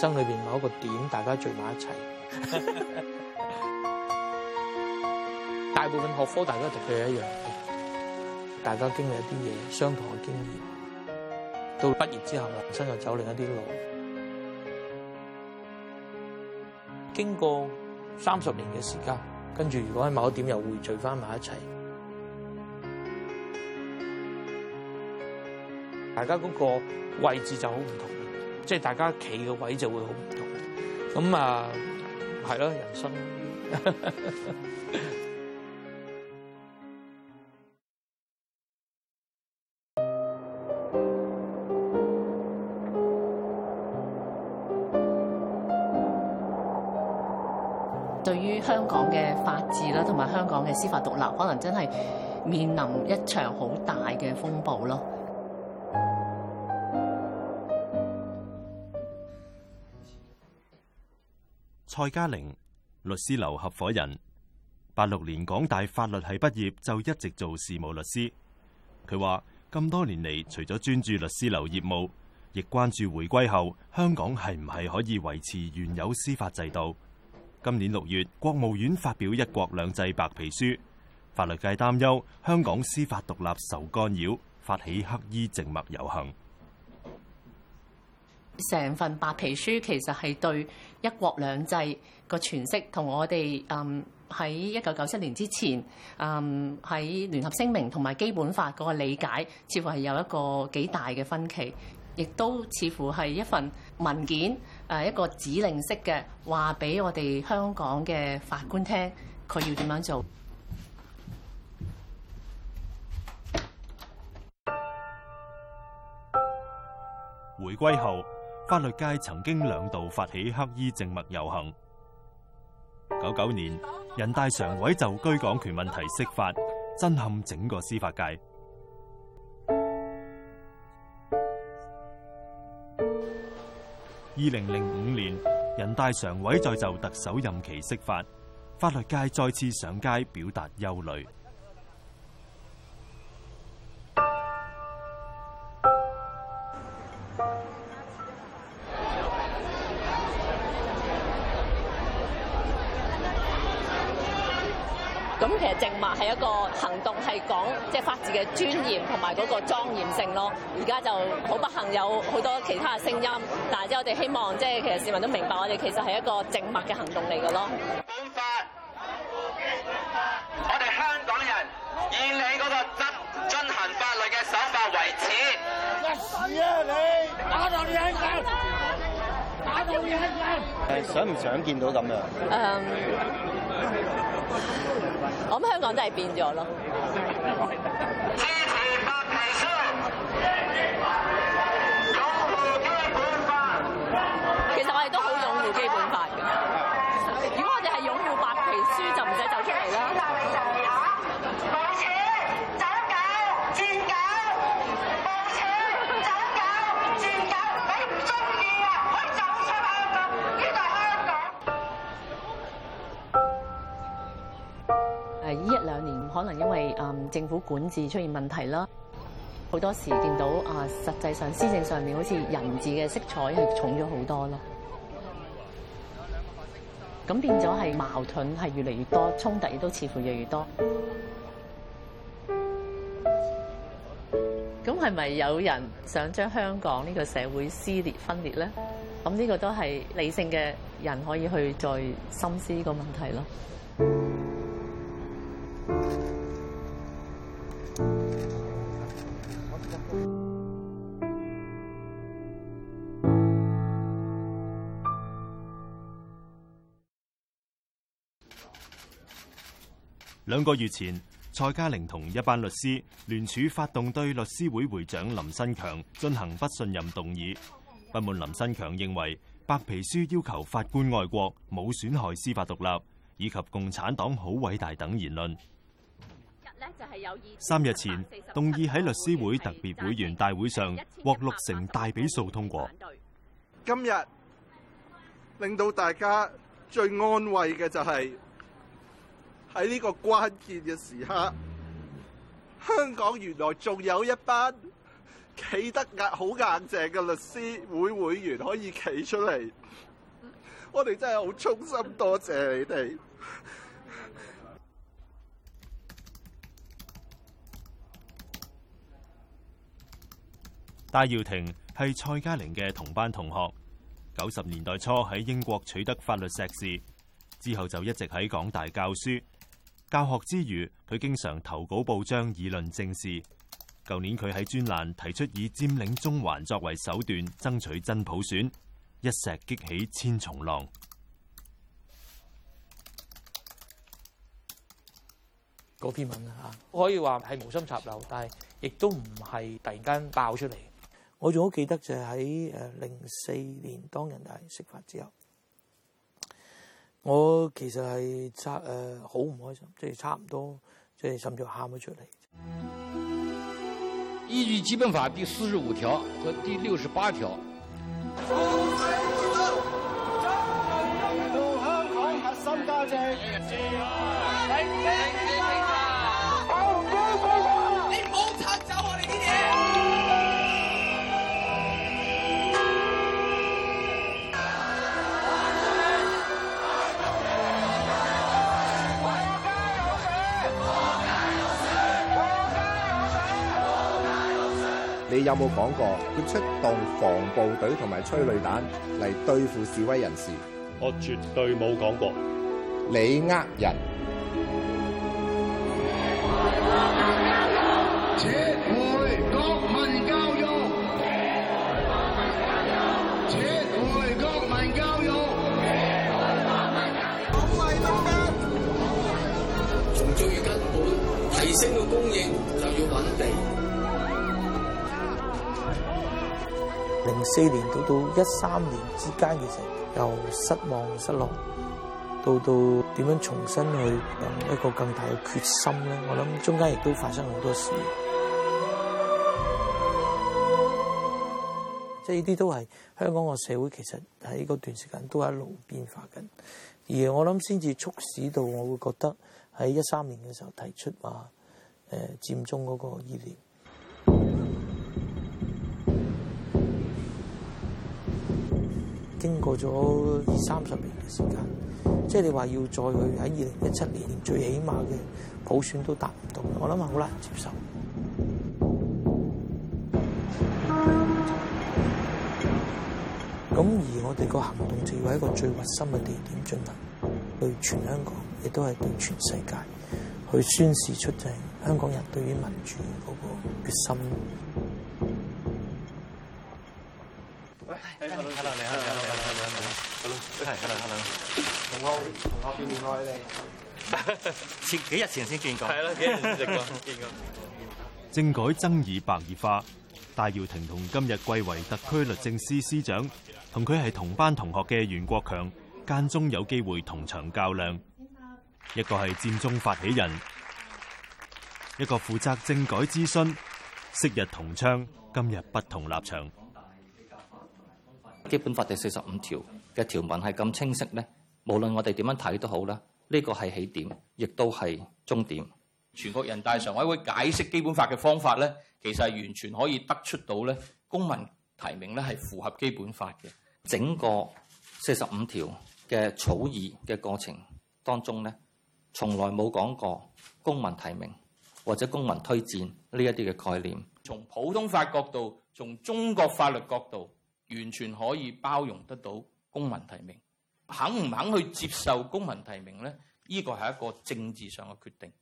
生裏邊某一個點，大家聚埋一齊 ，大部分學科大家讀嘅係一樣嘅，大家經歷一啲嘢，相同嘅經驗。到畢業之後，人生又走另一啲路。經過三十年嘅時間，跟住如果喺某一點又匯聚翻埋一齊， 大家嗰個位置就好唔同。即係大家企嘅位就會好唔同，咁啊，係咯，人生。呵呵，對於香港嘅法治啦，同埋香港嘅司法獨立，可能真係面臨一場好大嘅風暴咯。蔡家玲，律師樓合伙人，八六年港大法律系畢業，就一直做事務律師。佢話咁多年嚟，除咗專注律師樓業務，亦關注回歸後香港係唔係可以維持原有司法制度。今年六月，國務院發表一國兩制白皮書，法律界擔憂香港司法獨立受干擾，發起黑衣靜默遊行。成份白皮書其實係對一國兩制個詮釋，同我哋嗯喺一九九七年之前嗯喺聯合聲明同埋基本法個理解，似乎係有一個幾大嘅分歧，亦都似乎係一份文件誒一個指令式嘅話俾我哋香港嘅法官聽，佢要點樣做？回歸後。法律界曾經兩度發起黑衣靜默遊行。九九年，人大常委就居港權問題釋法，震撼整個司法界。二零零五年，人大常委再就特首任期釋法，法律界再次上街表達憂慮。咁其實靜默係一個行動，係講即係法治嘅尊嚴同埋嗰個莊嚴性咯。而家就好不幸有好多其他嘅聲音，但係即係我哋希望即係其實市民都明白，我哋其實係一個靜默嘅行動嚟嘅咯。本法，我哋香港人以你嗰個遵行法律嘅手法為恥。乜事啊你？打到你香港！誒想唔想見到咁樣？誒，um，我諗香港真係變咗咯。 可能因為嗯政府管治出現問題啦，好多時見到啊，實際上施政上面好似人治嘅色彩係重咗好多咯。咁變咗係矛盾係越嚟越多，衝突亦都似乎越嚟越多。咁係咪有人想將香港呢個社會撕裂分裂咧？咁呢個都係理性嘅人可以去再深思呢個問題咯。兩個月前，蔡家玲同一班律師聯署發動對律師會會長林新強進行不信任動議，不滿林新強認為《白皮書》要求法官愛國、冇損害司法獨立以及共產黨好偉大等言論。三日前，動議喺律師會特別會員大會上獲六成大比數通過。今日令到大家最安慰嘅就係、是。喺呢個關鍵嘅時刻，香港原來仲有一班企得好硬、好硬淨嘅律師會會員可以企出嚟，我哋真係好衷心多謝你哋。戴耀廷係蔡家玲嘅同班同學，九十年代初喺英國取得法律碩士之後，就一直喺港大教書。教學之餘，佢經常投稿報章議論政事。舊年佢喺專欄提出以佔領中環作為手段爭取真普選，一石激起千重浪。嗰篇文啊，可以話係無心插柳，但係亦都唔係突然間爆出嚟。我仲好記得就係喺誒零四年當人大釋法之後。我其實係差誒好唔開心，即係差唔多，即係甚至喊咗出嚟。依據基本法第四十五條和第六十八條。你有冇講過要出動防暴隊同埋催淚彈嚟對付示威人士？我絕對冇講過你。你呃人？捍衛國民教育，捍衛國民教育，捍衛國民教育。捍衛國家。從最根本提升個供應，就要揾地。零四年到到一三年之間，其實由失望、失落，到到點樣重新去等一個更大的決心咧？我諗中間亦都發生好多事， 即係呢啲都係香港個社會，其實喺嗰段時間都一路變化緊。而我諗先至促使到我會覺得喺一三年嘅時候提出話誒、呃、佔中嗰個意念。經過咗二三十年嘅時間，即係你話要再去喺二零一七年連最起碼嘅普選都達唔到，我諗下好難接受。咁 而我哋個行動就要喺一個最核心嘅地點進行，對全香港亦都係對全世界去宣示出就係香港人對於民主嗰個決心。係，係啦，係啦。同學，同學，見面愛你。 幾前幾日前先見過。係啦，幾日前食過。見過。 政改爭議白熱化，戴耀廷同今日貴為特區律政司司，司長，同佢係同班同學嘅袁國強，間中有機會同場較量。一個係佔中發起人，一個負責政改諮詢，昔日同窗，今日不同立場。基本法第四十五條嘅條文係咁清晰咧，無論我哋點樣睇都好啦，呢個係起點亦都係終點，全國人大常委會解釋基本法嘅方法咧，其實係完全可以得出到咧公民提名咧係符合基本法嘅。整個四十五條嘅草擬嘅過程當中咧，從來冇講過公民提名或者公民推薦呢一啲嘅概念。從普通法角度，從中國法律角度。完全可以包容得到公民提名，肯唔肯去接受公民提名呢，呢個係一個政治上嘅決定。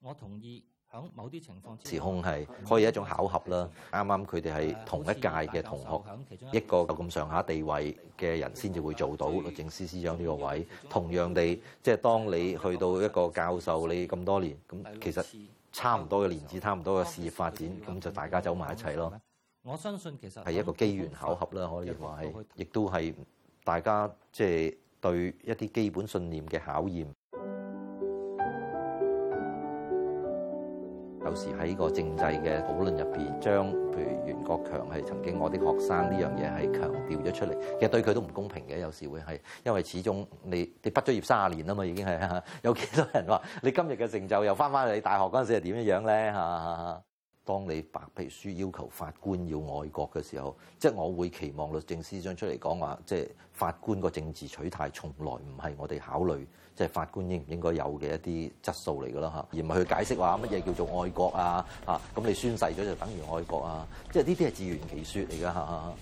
我同意，響某啲情況之，之下，時空係可以一種巧合啦。啱啱佢哋係同一屆嘅同學，一個咁上下地位嘅人先至會做到律政司司長呢個位。同樣地，即係當你去到一個教授，你咁多年咁，其實差唔多嘅年資，差唔多嘅事業發展，咁就大家走埋一齊咯。我相信其實係一個機緣巧合啦，可以話係，亦都係大家即係、就是、對一啲基本信念嘅考驗。 有時喺個政制嘅討論入邊，將譬如袁國強係曾經我啲學生呢樣嘢係強調咗出嚟，其實對佢都唔公平嘅。有時會係因為始終你你畢咗業卅年啦嘛，已經係有幾多人話你今日嘅成就又翻返嚟你大學嗰陣時係點樣樣咧嚇？當你白皮書要求法官要愛國嘅時候，即係我會期望律政司長出嚟講話，即係法官個政治取態從來唔係我哋考慮，即係法官應唔應該有嘅一啲質素嚟噶啦嚇，而唔係去解釋話乜嘢叫做愛國啊嚇，咁你宣誓咗就等於愛國啊，即係呢啲係自圓其説嚟噶嚇。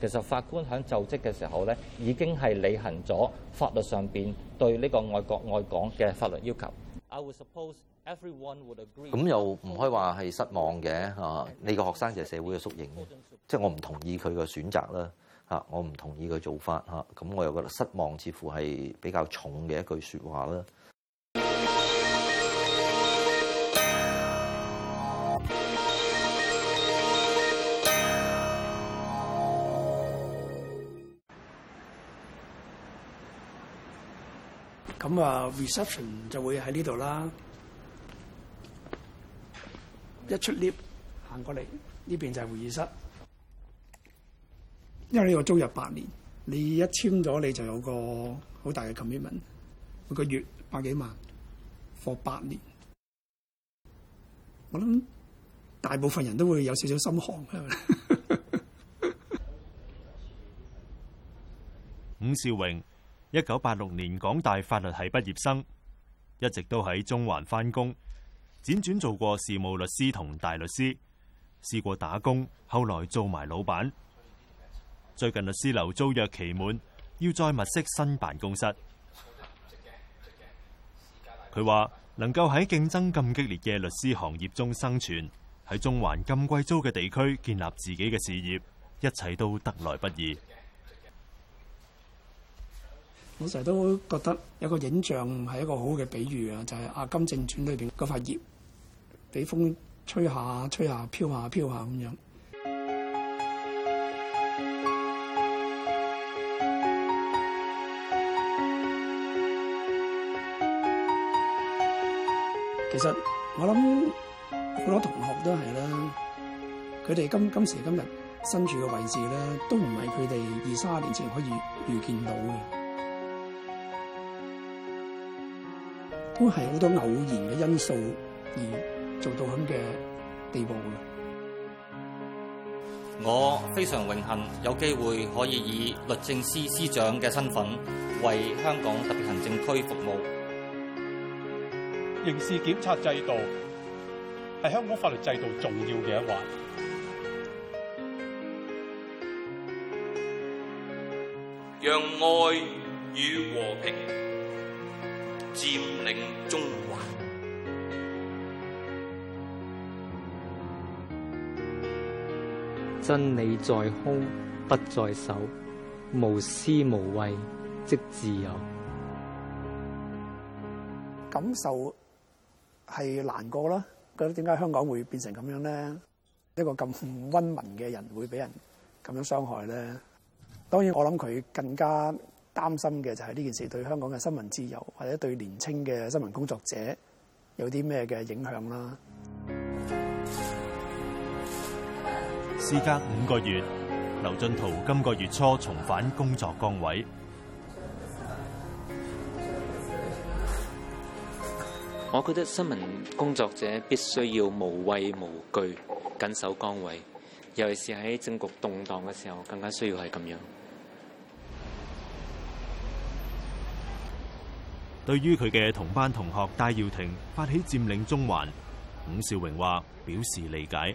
其實法官喺就職嘅時候咧，已經係履行咗法律上邊對呢個愛國愛港嘅法律要求。I would suppose。咁又唔可以話係失望嘅嚇，呢個學生就係社會嘅縮影，即係我唔同意佢嘅選擇啦嚇，我唔同意佢做法嚇，咁我又覺得失望，似乎係比較重嘅一句説話啦。咁啊，reception 就會喺呢度啦。一出 lift 行過嚟呢邊就係會議室，因為呢個租入八年，你一簽咗你就有個好大嘅 commitment，每個月百幾萬，放八年，我諗大部分人都會有少少心寒。 伍兆榮，一九八六年港大法律系畢業生，一直都喺中環翻工。輾轉做過事務律師同大律師，試過打工，後來做埋老闆。最近律師樓租約期滿，要再物色新辦公室。佢話能夠喺競爭咁激烈嘅律師行業中生存，喺中環咁貴租嘅地區建立自己嘅事業，一切都得來不易。我成日都覺得有個影像係一個好嘅比喻啊，就係《阿甘正傳》裏邊嗰塊葉俾風吹下、吹下、飄下、飄下咁樣。 其實我諗好多同學都係啦，佢哋今今時今日身處嘅位置咧，都唔係佢哋二三十年前可以預，預見到嘅。都係好多偶然嘅因素而做到咁嘅地步。我非常榮幸，有機會可以以律政司司長嘅身份，為香港特別行政區服務。刑事檢察制度係香港法律制度重要嘅一環，讓愛與和平。佔領中環，真理在空不在手，無私無畏即自由。感受係難過啦，覺得點解香港會變成咁樣咧？一個咁温文嘅人會俾人咁樣傷害咧？當然，我諗佢更加。擔心嘅就係呢件事對香港嘅新聞自由，或者對年輕嘅新聞工作者有啲咩嘅影響啦。事隔五個月，劉進圖今個月初重返工作崗位。我覺得新聞工作者必須要無畏無懼，緊守崗位，尤其是喺政局動盪嘅時候，更加需要係咁樣。對於佢嘅同班同學戴耀廷發起佔領中環，伍兆榮話表，表示理解。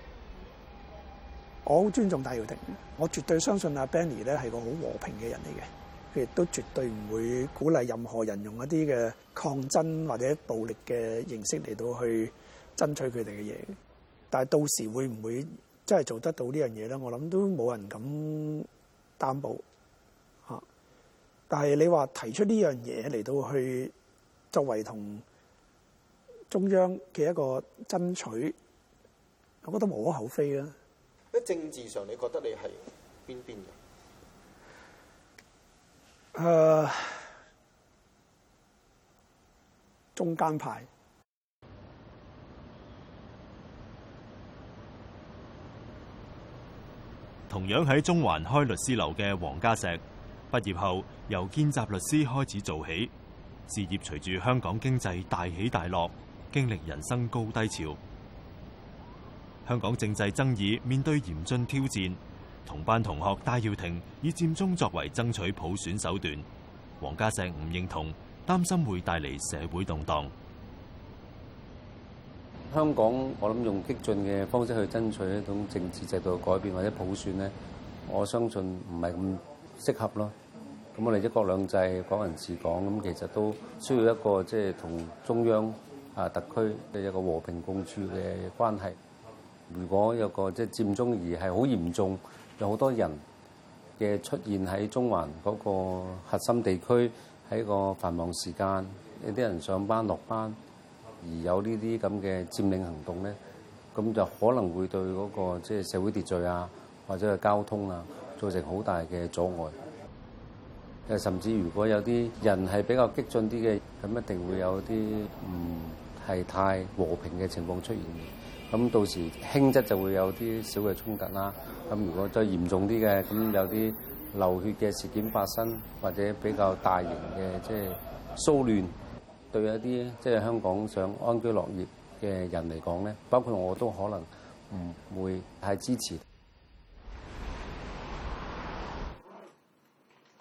我好尊重戴耀廷，我絕對相信阿 Benny 咧係個好和平嘅人嚟嘅，佢亦都絕對唔會鼓勵任何人用一啲嘅抗爭或者暴力嘅形式嚟到去爭取佢哋嘅嘢。但係到時會唔會真係做得到這件事呢樣嘢咧？我諗都冇人敢擔保。吓，但係你話提出呢樣嘢嚟到去。作為同中央嘅一個爭取，我覺得無可厚非啦。喺政治上，你覺得你係邊邊嘅？誒、呃，中間派。同樣喺中環開律師樓嘅黃嘉錫，畢業後由兼職律師開始做起。事業隨住香港經濟大起大落，經歷人生高低潮。香港政制爭議面對嚴峻挑戰，同班同學戴耀廷以佔中作為爭取普選手段，黃嘉錫唔認同，擔心會帶嚟社會動盪。香港我諗用激進嘅方式去爭取一種政治制度改變或者普選呢，我相信唔係咁適合咯。咁我哋一國兩制港人治港，咁其實都需要一個即係同中央啊特區嘅一個和平共處嘅關係。如果有個即係佔中而係好嚴重，有好多人嘅出現喺中環嗰個核心地區，喺個繁忙時間，有啲人上班落班，而有呢啲咁嘅佔領行動咧，咁就可能會對嗰個即係社會秩序啊，或者係交通啊，造成好大嘅阻礙。誒，甚至如果有啲人係比較激進啲嘅，咁一定會有啲唔係太和平嘅情況出現嘅。咁到時輕則就會有啲小嘅衝突啦。咁如果再嚴重啲嘅，咁有啲流血嘅事件發生，或者比較大型嘅即係騷亂，對一啲即係香港想安居樂業嘅人嚟講咧，包括我都可能唔會太支持。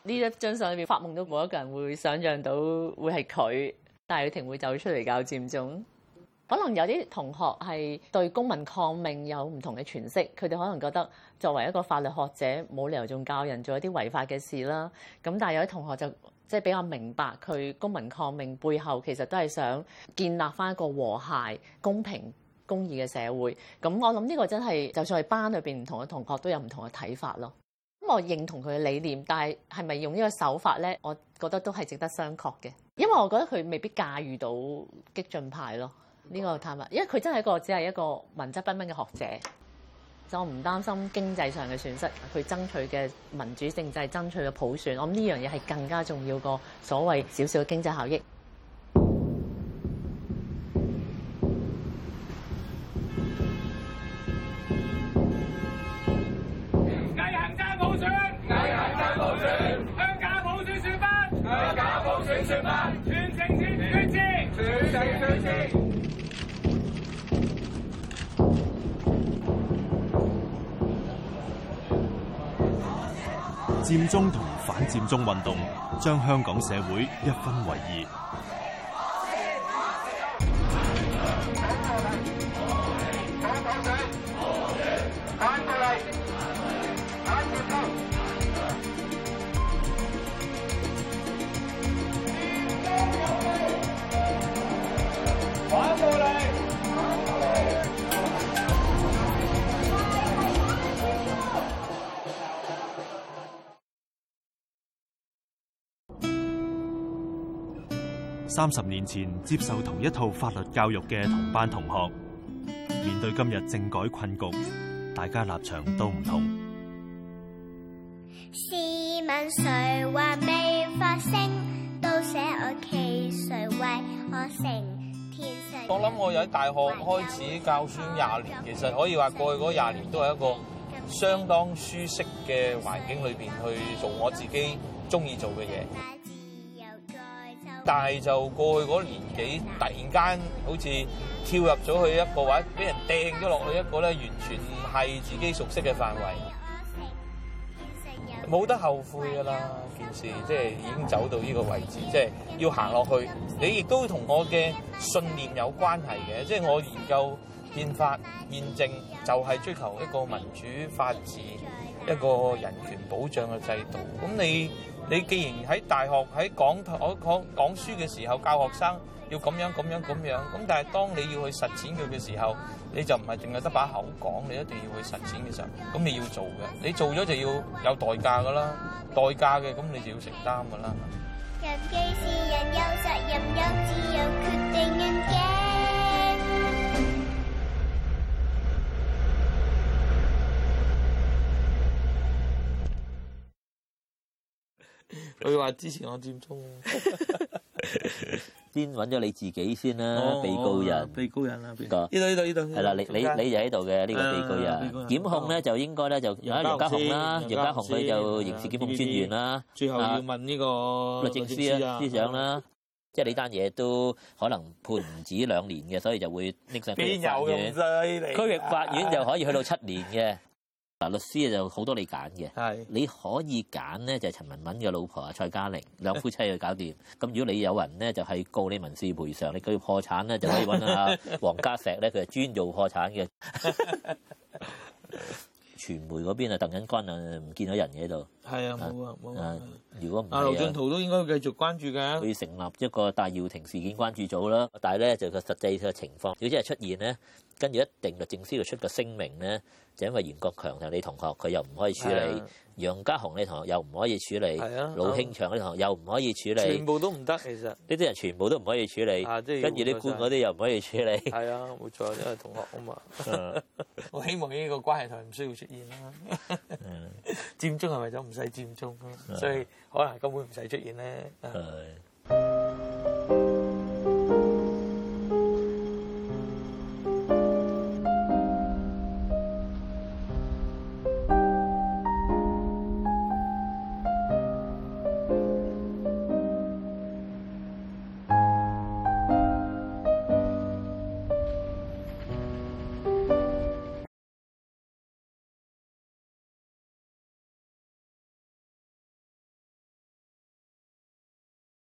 呢一張相裏面發夢都冇一個人會想像到會係佢，戴耀廷會走出嚟搞佔中。可能有啲同學係對公民抗命有唔同嘅詮釋，佢哋可能覺得作為一個法律學者，冇理由仲教人做一啲違法嘅事啦。咁但係有啲同學就即係、就是、比較明白，佢公民抗命背後其實都係想建立翻一個和諧、公平、公義嘅社會。咁我諗呢個真係，就算係班裏邊唔同嘅同學都有唔同嘅睇法咯。我認同佢嘅理念，但係係咪用呢個手法呢？我覺得都係值得商榷嘅，因為我覺得佢未必駕馭到激進派咯。呢、這個探問，因為佢真係一個只係一個文質彬彬嘅學者，就我唔擔心經濟上嘅損失。佢爭取嘅民主政制、爭取嘅普選，我諗呢樣嘢係更加重要過所謂少少經濟效益。全全全佔中同反佔中運動，將香港社會一分為二。三十年前接受同一套法律教育嘅同班同學，面對今日政改困局，大家立場都唔同。試問誰還未發聲，都捨我其誰衛我城。我諗我由喺大學開始教書廿年，其實可以話過去嗰廿年都係一個相當舒適嘅環境裏邊去做我自己中意做嘅嘢。但係就過去嗰年紀，突然間好似跳入咗去一個或者俾人掟咗落去一個咧，完全唔係自己熟悉嘅範圍，冇得後悔噶啦。件事即係已經走到呢個位置，即係要行落去。你亦都同我嘅信念有關係嘅，即係我研究憲法憲政，就係追求一個民主法治、一個人權保障嘅制度。咁你。你既然喺大學喺講堂,講,講書嘅時候教學生要咁樣咁樣咁樣，咁但係當你要去實踐佢嘅時候，你就唔係淨係得把口講，你一定要去實踐嘅時候，咁你要做嘅，你做咗就要有代價㗎啦，代價嘅咁你就要承擔㗎啦。佢話支持我佔中，先揾咗你自己先啦，被告人。被告人啊，邊個？呢度呢度呢度。係啦，你你你就喺度嘅呢個被告人。檢控咧就應該咧就由楊家雄啦，楊家雄佢就刑事檢控專員啦。最後要問呢個律政司啊司長啦，即係呢單嘢都可能判唔止兩年嘅，所以就會拎上地方法院。邊有用衰嚟？區域法院就可以去到七年嘅。嗱，律師就好多你揀嘅，係你可以揀咧就陳文敏嘅老婆啊，蔡家玲兩夫妻去搞掂。咁 如果你有人咧就係告你民事賠償，你佢要破產咧就可以揾啊黃嘉錫咧，佢係專做破產嘅。傳 媒嗰那邊 啊鄧錦軍啊唔見到人嘅度，係啊冇啊冇如果唔啊，劉進圖都應該繼續關注嘅、啊。佢成立一個戴耀廷事件關注組啦，但係咧就個、是、實際嘅情況，如果真係出現咧。跟住一定律政司度出個聲明咧，就因為袁國強就你同學，佢又唔可以處理，楊家雄你同學又唔可以處理，老興祥你同學又唔可以處理，全部都唔得其實。呢啲人全部都唔可以處理，跟住啲官嗰啲又唔可以處理。係啊，冇錯，因為同學啊嘛。我希望呢個關係台唔需要出現啦。佔中係為咗唔使佔中，所以可能根本唔使出現咧。